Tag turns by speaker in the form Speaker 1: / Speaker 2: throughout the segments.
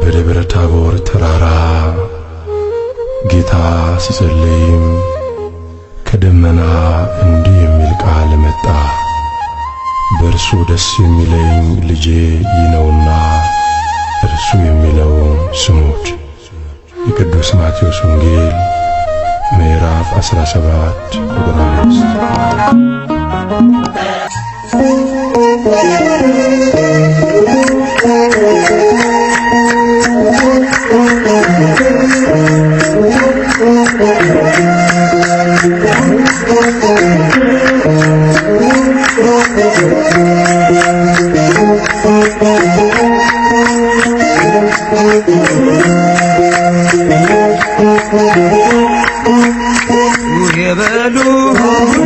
Speaker 1: በደብረ ታቦር ተራራ ጌታ ሲጸለይም ከደመና እንዲህ የሚል ቃል መጣ። በእርሱ ደስ የሚለኝ ልጄ ይህ ነውና እርሱ የሚለው ስሙት። የቅዱስ ማቴዎስ ወንጌል ምዕራፍ 17 ቁጥር 5 የበሉ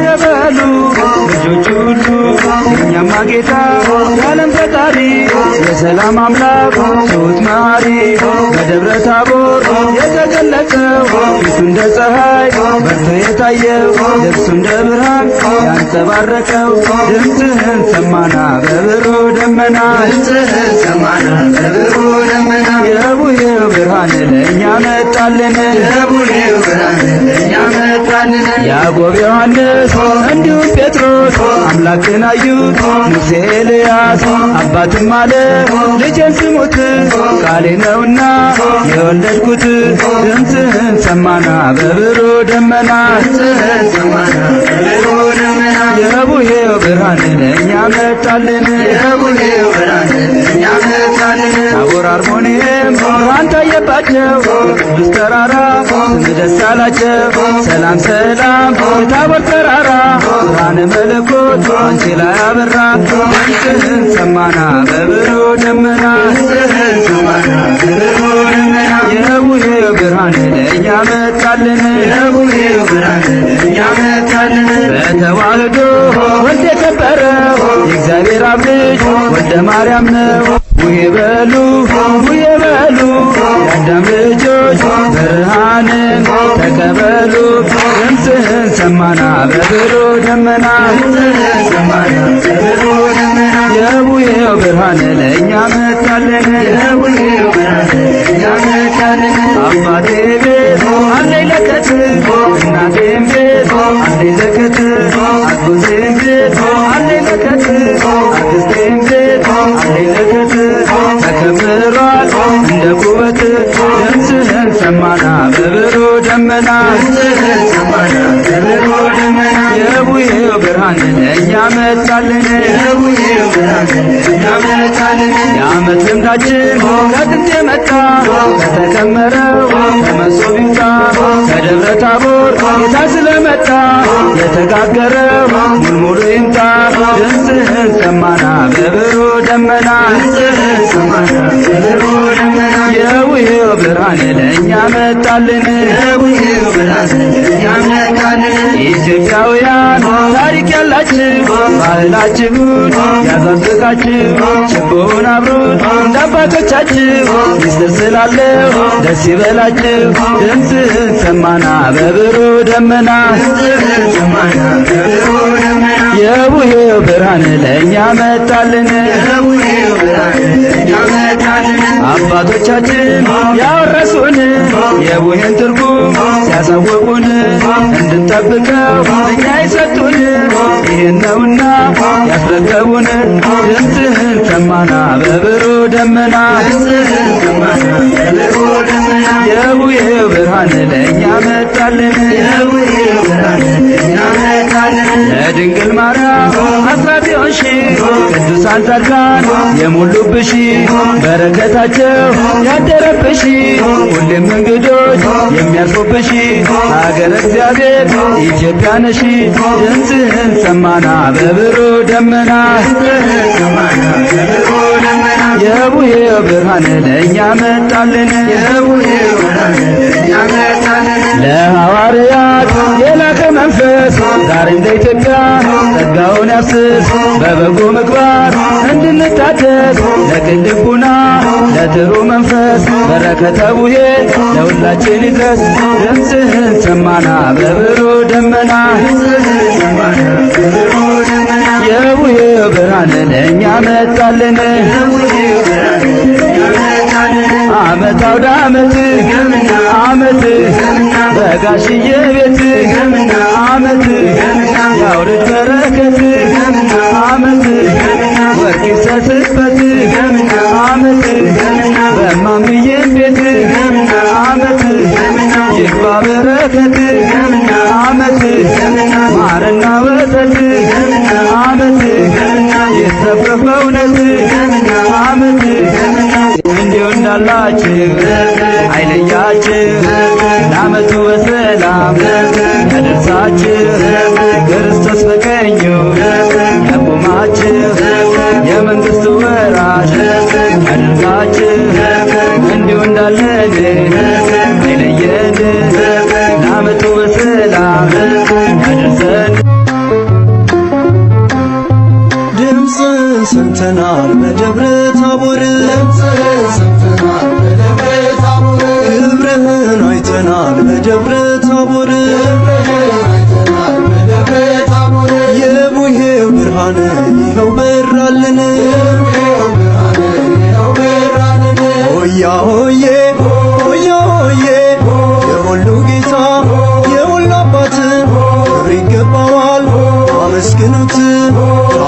Speaker 1: የበሉ ልጆች ሁሉ የእኛማ ጌታ የዓለም ፈጣሪ የሰላም አምላክ ትሁት መሐሪ እንደ ፀሐይ በርቶ የታየው ልብሱ እንደ ብርሃን ያንጸባረቀው ድምፅህን ሰማና በብሩ ደመና የቡሄው ብርሃን ለእኛ መጣልን ያዕቆብ ዮሐንስ እንዲሁም ጴጥሮስ አምላክን አዩት ሙሴ ኤልያስ አባትም አለ ልጄን ስሙት ቃሌ ነውና የወለድኩት ድምፅህን ሰማና በብሩ ደመና የቡሄው ብርሃን ለእኛ መጣልን ታቦር አወራርቦኔም ኖሯን ታየባቸው ተራራ ደስ አላቸው ሰላም ሰላም የታቦር ተራራ ብርሃነ መለኮት አንቺ ላይ አበራ ድምፅህን ሰማና በብሩ ደመና ድምፅህን ብርሃን ለእኛ መጣልን በተዋህዶ ወልድ የከበረው የእግዚአብሔር አብ ልጅ ወልደ ማርያም ነው። ቡሄ በሉ ቡሄ በሉ የአዳም ልጆች ብርሃንን ተቀበሉ። ድምፅህን ሰማና በብሮ ደመና የቡዬው ብርሃን ለእኛ መጣልን አባቴ ቤት አንዴ ለከት እናቴም ቤት አንዴ ዘከት አጎቴም ቤት አንዴ ለከት አክስቴም ቤት አንዴ ዘከት I Yeah. አብሯል እንደ ኩበት ድምፅህን ሰማና በብሮ ደመና የቡሄው ብርሃን እኛ መጣልን የዓመት ልምዳችን ከጥንት የመጣ ከተከመረው ከመሶብ ይምጣ ከደብረ ታቦር ጌታ ስለመጣ የተጋገረው ሙልሙሉ ይምጣ ድምፅህን ሰማና በብሩ ደመና የውሄው ብርሃን ለእኛ መጣልን ኢትዮጵያውያን ታሪክ ያላችሁ ባህላችሁ ያዘዘቃችሁ ችቦውን አብሮ እንዳባቶቻችሁ ምስር ስላለው ደስ ይበላችሁ። ድምፅህን ሰማና በብሩ ደመና የውሄው ብርሃን ለእኛ መጣልን አባቶቻችን ያወረሱን የቡሄን ትርጉም ሲያሳወቁን እንድንጠብቀው እኛ ይሰጡን ይህን ነውና ያስረከቡን ድምፅህን ከማና በብሩ ደመና የቡሄው ብርሃን ለእኛ መጣልን ለድንግል ማርያም አስራት ሞላሽ ቅዱሳን ጻድቃን የሞሉብሽ በረከታቸው ያደረብሽ ሁሌም እንግዶች የሚያርፉብሽ አገር እግዚአብሔር ኢትዮጵያ ነሽ። ድምፅህን ሰማና በብሩ ደመና የቡሄ ብርሃን ለእኛ መጣልን ለሐዋርያት የላከ መንፈስ ዛሬም ኢትዮጵያ ጸጋውን ያፍስስ በበጎ ምግባር እንድንታደስ ለቅን ልቡና ለጥሩ መንፈስ በረከተ ቡሄ ለሁላችን ይድረስ። ድምፅህን ሰማና በብሩ ደመና የቡሄ ብርሃን ለእኛ መጣልን አመት አውደ አመት አመት ለጋሽዬ ቤት አመት ያውርድ በረከት አመት ወርቅ ይሰጥበት አመት በማምዬ ቤት አመት ይግባ በረከት አመት ማርና ወተት አመት ይሰብከው እውነት አመት እንዲሁ እንዳላችሁ አይለያችሁ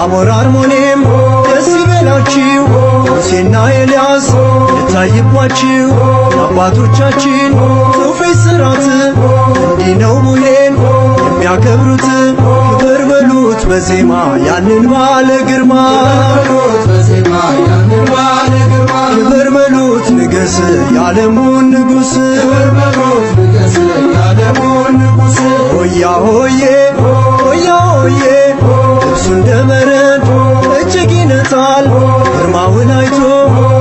Speaker 1: አሞራ አርሞኔም ደስ ይበላችሁ ሙሴና ኤልያስ የታይባችሁ አባቶቻችን ትውፊት ስራት እንዲህ ነው ሙሄን የሚያከብሩት ክብር በሉት በዜማ ያንን ባለ ግርማ ክብር በሉት ንገስ ያለሙን ንጉሥ ሆያ ሆዬ ሆያ ሆዬ እንደ በረዶ እጅግ ይነጻል። ግርማውን አይቶ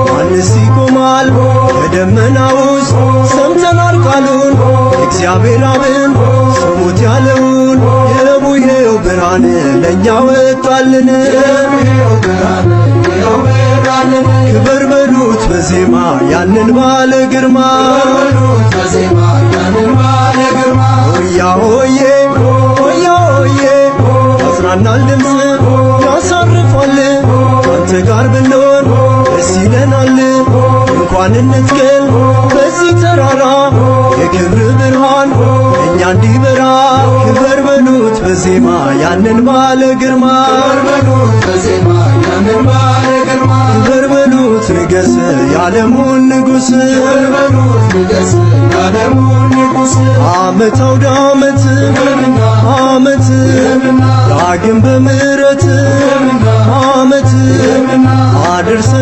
Speaker 1: ማንስ ይቆማል? ከደመና ውስጥ ሰምተናል ቃሉን እግዚአብሔር አብን ስሙት ያለውን የቡሄው ብርሃን ለእኛ ወጣልን። ክበር በሉት በዜማ ያንን ባለ ግርማ ሆያ ሆዬ ያጽናናል ያሳርፋል ካንተ ጋር ብንሆን ደስ ይለናል። እንኳን እንትገል በዚህ ተራራ የክብር ብርሃን እኛ እንዲበራ ክበር በሉት በዜማ ያንን ባለ ግርማ ንገስ ያለሙን ንጉስ ዓመት አውደ ዓመት ዓመት ዳግም በምሕረት ዓመት አድርስ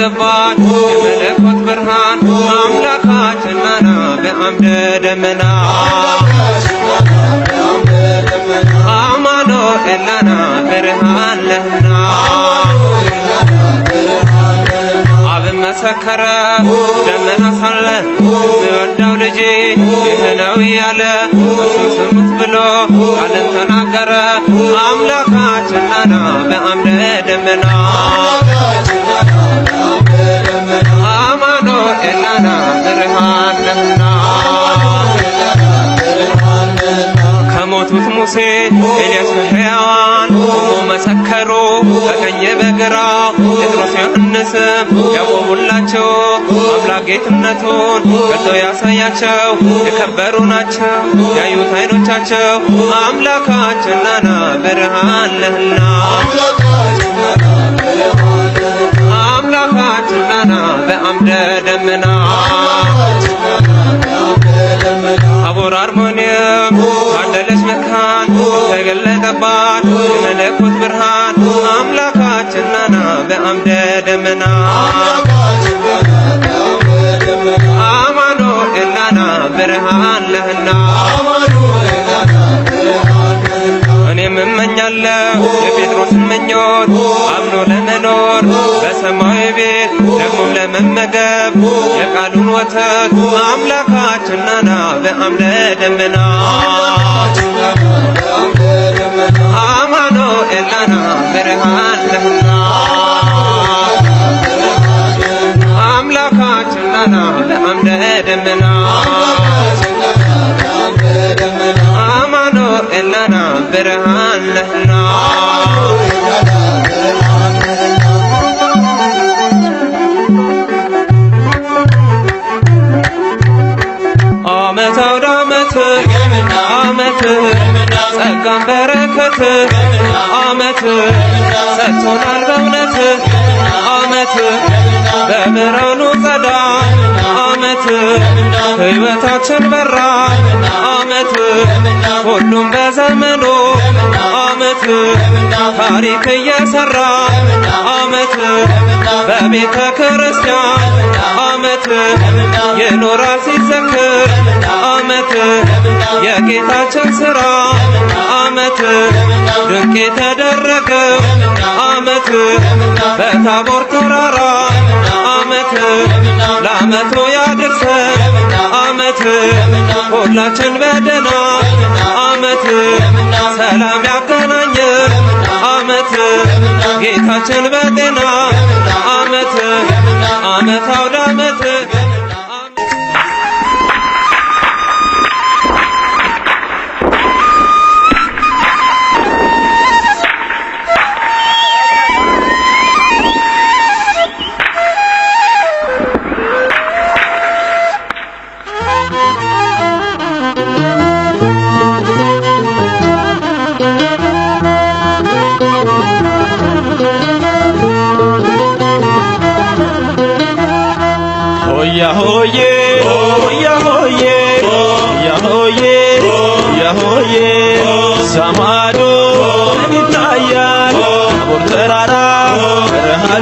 Speaker 1: የምትባት የመለኮት ብርሃን አምላካችን ናና በአምደ ደመና አማኑኤል ብርሃን ለህና መሰከረ ደመና ሳለ የምወደው ልጅ ይህ ነው እያለ እርሱን ስሙት ብሎ ቃልን ተናገረ አምላክ ጭላና በአምደ ደመና አማኖ ኤላና ብርሃን ነህና የሞቱት ሙሴ ኤልያስ ሕያዋን ቆሞ መሰከሩ በቀኝ በግራ ጴጥሮስ ዮሐንስም ያወቡላቸው አምላክ ጌትነቱን ገልጦ ያሳያቸው የከበሩ ናቸው ያዩት አይኖቻቸው ናና ብርሃን ለህና ተቀባን የመለኮት ብርሃን አምላካችን ነና በአምደ ደመና አማኑኤል ነና ብርሃን ለህና እኔም እመኛለሁ የጴጥሮስ ምኞት አምኖ ለመኖር በሰማያዊ ቤት ደግሞም ለመመገብ የቃሉን ወተት አምላካችን ነና በአምደ ደመና ፈጥረሃለህና አምላካችን ለና ለአምደ ደመና አማኑኤል ለና ብርሃን ነህና አመት አውደ አመት አመት በረከት በእምነት ሰጥቶናል በእውነት አመት በብርሃኑ ጸዳ አመት ህይወታችን በራ አመት ሁሉም በዘመኑ አመት ታሪክ እየሰራ አመት በቤተ ክርስቲያን አመት ይኖራል ሲዘክር አመት የጌታችን ስራ አመት ድንቅ የተደረገ አመት በታቦር ተራራ አመት ለአመቱ ያድርሰ አመት ሁላችን በደና አመት ሰላም ያገ ጌታችን በጤና አመት አመት አውደ አመት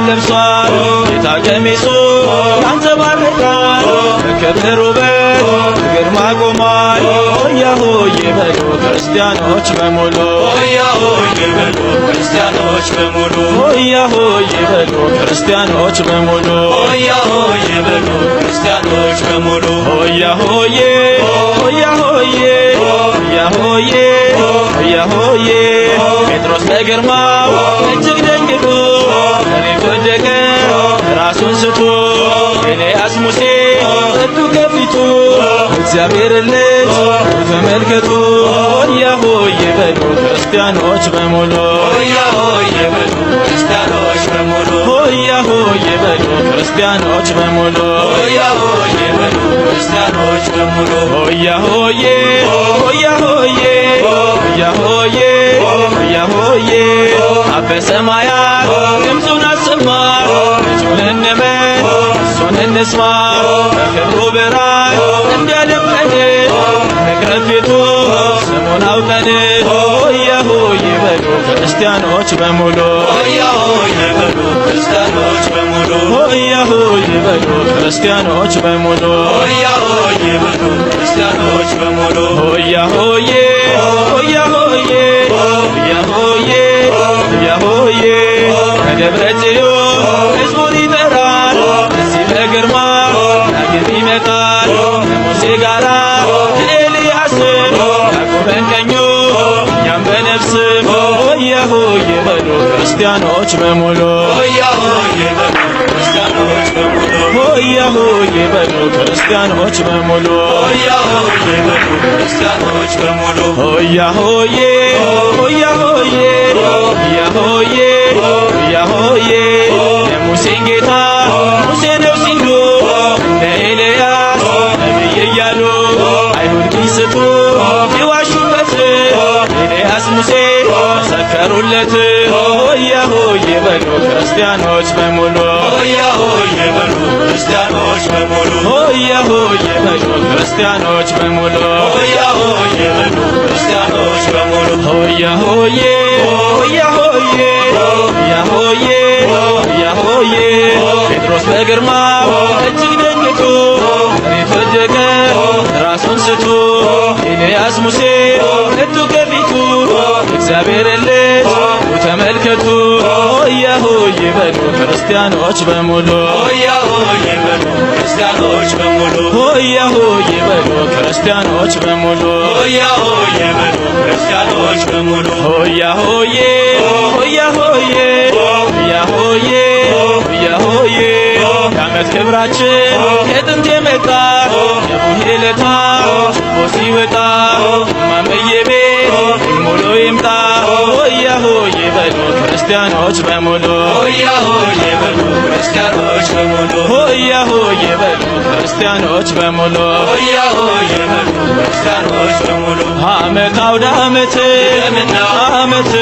Speaker 1: ለብሷል ጌታ ቀሚሱ ያንጸባርቃል በክብር ውበት ግርማ ቆሟል ሆያ ሆዬ በሉ ክርስቲያኖች በሙሉ ሆያ ሆዬ በሉ ክርስቲያኖች በሙሉ ሆያ ሆዬ በሉ ክርስቲያኖች በሙሉ ሆያ ሆዬ ክርስቲያኖች በሙሉ ሆያ ሆዬ ሆያ ሆዬ ጴጥሮስ ለግርማው የእግዚአብሔር ልጅ ተመልከቱ ያ ሆይ በሉ ክርስቲያኖች በሙሉ ያ ሆይ በሉ ክርስቲያኖች ሆያሆ ይበሉ ክርስቲያኖች በሙሉ ሆያሆ ይበሉ ክርስቲያኖች በሙሉ ሆያሆዬ ሆያሆዬ ሆያሆዬ ሆያሆዬ አበ ሰማያት ድምፁን አሰማ ልጁን እንመን እሱን እንስማ በክብሩ ብርሃን እንደ ልመን ንቅረፊቱ ስሙን አውቀን በሉ ክርስቲያኖች በሙሉ ሆያ ሆይ በሉ ክርስቲያኖች በሙሉ ሆያ ሆይ በሉ ክርስቲያኖች በሙሉ ሆያ ሆይ በሉ ክርስቲያኖች በሙሉ ሆያ ሆይ ሆያ ሆይ ሆያ ሆይ ሆያ ሆይ ከደብረ ጽዮን ሕዝቡን ይጠራል እዚህ በግርማ ዳግም ይመጣል ከሙሴ ጋራ ሆይ በሉ ክርስቲያኖች በሙሉ ሆያ በሉ ክርስቲያኖች በሙሉ ሆያ ሆይ በሉ ክርስቲያኖች የሙሴን ጌታ ሙሴ ነው ሲሉ ኤልያስ እያሉ አይሁድ ግን ኤልያስ ሙሴ ዘመሩለት ሆያ ሆዬ በሉ ክርስቲያኖች በሙሉ ሆያ ሆዬ በሉ ክርስቲያኖች በሙሉ ሆያ ሆዬ በሉ ክርስቲያኖች በሙሉ ሆያ ክርስቲያኖች በሙሉ ሆያ ሆዬ ሆያ ሆዬ ጴጥሮስ በግርማ እጅግ ደንግጦ መሬት ወደቀ ራሱን ስቶ ኤልያስ ሙሴ ከንቱ ከፊቱ እግዚአብሔር ልጅ ተመልከቱ ያሁ ይበሉ ክርስቲያኖች በሙሉ ያሁ ይበሉ ክርስቲያኖች በሙሉ ያሁ ይበሉ ክርስቲያኖች በሙሉ ያሁ ይበሉ ክርስቲያኖች የአመት ክብራችን ከጥንት የመጣ የቡሄ ለታ ችቦ ሲወጣ ማመዬ ቤት ሙሉ ይምጣ ሆያ ሆዬ በሉ ክርስቲያኖች በሙሉ ሆያ ሆዬ ክርስቲያኖች በሙሉ በሉ ክርስቲያኖች በሙሉ አመት አውደ አመት አመት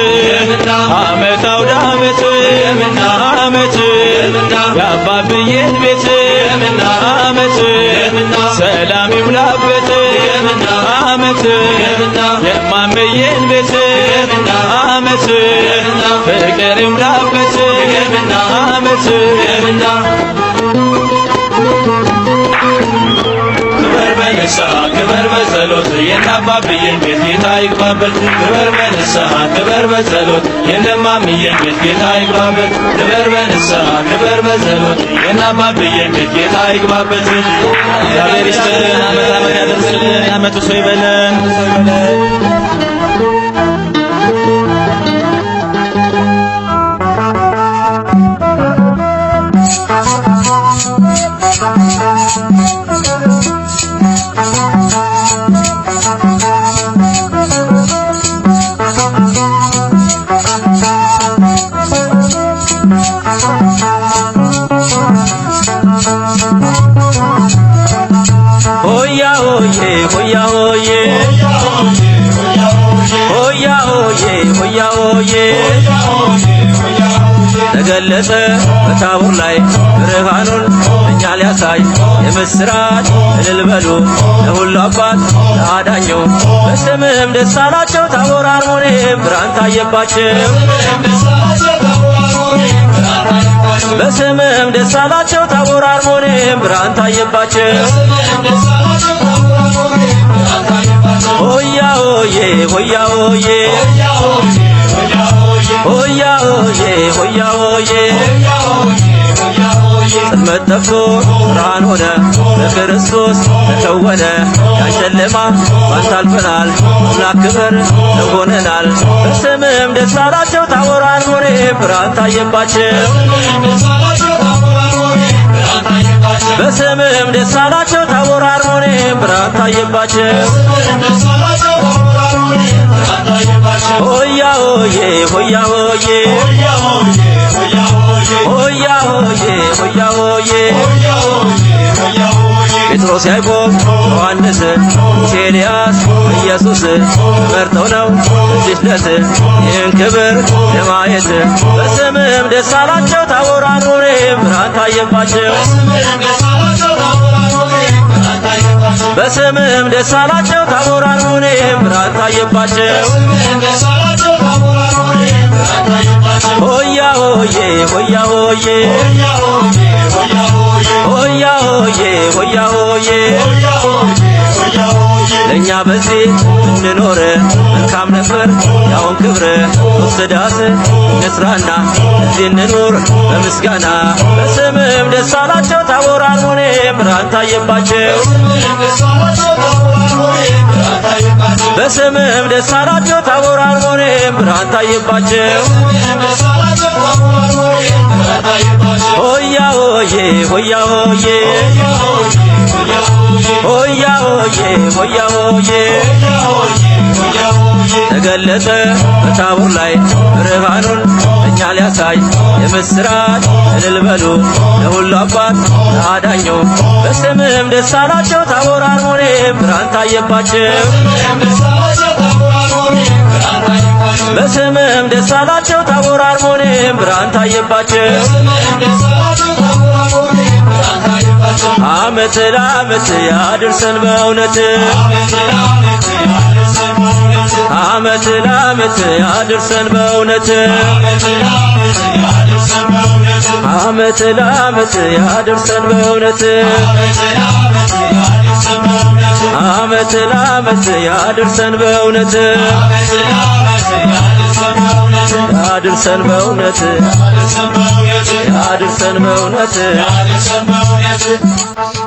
Speaker 1: ይርምላበት ይርምና አመት ይርምና ክበር በንሳ ክበር በጸሎት የናባብዬን ቤት ጌታ ይግባበት ክበር በንሳ ክበር በጸሎት የነማምዬን ቤት ጌታ ይግባበት ክበር በንሳ ክበር በጸሎት የናባብዬን ቤት ጌታ ይግባበት እግዚአብሔር ይስጥልን። ዓመት ዓመት ያደርስልን። ያመጡ ሰው ይበለን የምስራች እልል በሉ ለሁሉ አባት ለአዳኛው በስምህም ደስ አላቸው ታቦር አርሞኔም ብርሃን ታየባቸው በስምህም ደስ አላቸው ታቦር አርሞኔም ብርሃን ታየባቸው ሆያ ሆዬ ሆያ ሆዬ ሆያ ሆዬ ሆያ ሆዬ ሹመት ጠፍቶ ብርሃን ሆነ በክርስቶስ ተከወነ። ያሸለማ ባንታልፈናል አምላክ ክበር ተሆነናል። በስምም ደስ አላቸው ታቦራን ሆኔ ብርሃን ታየባቸው በስምህም ደስ አላቸው ታቦራን ሆኔ ብርሃን ታየባቸው ሆያ ሆዬ ሆያ ሆዬ ሆያ ሆዬ ሆያ ሆዬ ጴጥሮስ፣ ያዕቆብ፣ ዮሐንስ፣ ኤልያስ ኢየሱስ መርጠው ነው እዚህ ዕለት ይህን ክብር ለማየት በስምህም ደስ አላቸው ታቦራኑሬ ብርሃን ታየባቸው በስምህም ደስ አላቸው ታቦራኑሬ ብርሃን ታየባቸው ሆያ ሆዬ ሆያ ሆዬ ሆያ ሆዬ ሆያ ሆዬ ለእኛ በዚህ እንኖረ መልካም ነበር ያሁን ክብረ ወሰዳት እንስራና እዚህ እንኖር በምስጋና በስምህም ደስ አላቸው ታቦራኑኔ ብርሃን ታየባቸው በስምም ደስ አላቸው። ታቦር አርሞኔም ብርሃን ታየባቸው። ሆያ ሆዬ ሆያ ሆዬ ሆያ ሆዬ ሆያ ሆዬ ተገለጠ በታቦር ላይ ብርሃኑን ይገኛል ያሳይ የምስራች እልል በሉ ለሁሉ አባት ለአዳኙ በስምህም ደስ አላቸው ታቦራን ሆኔ ብርሃን ታየባቸው በስምህም ደስ አላቸው ታቦር አርሞኔ ብርሃን ታየባቸው አመት ለአመት ያድርሰን በእውነት አመት ለአመት አመት ለአመት ያድርሰን በእውነት አመት ለአመት ያድርሰን በእውነት አመት ለአመት ያድርሰን በእውነት ያድርሰን በእውነት ያድርሰን በእውነት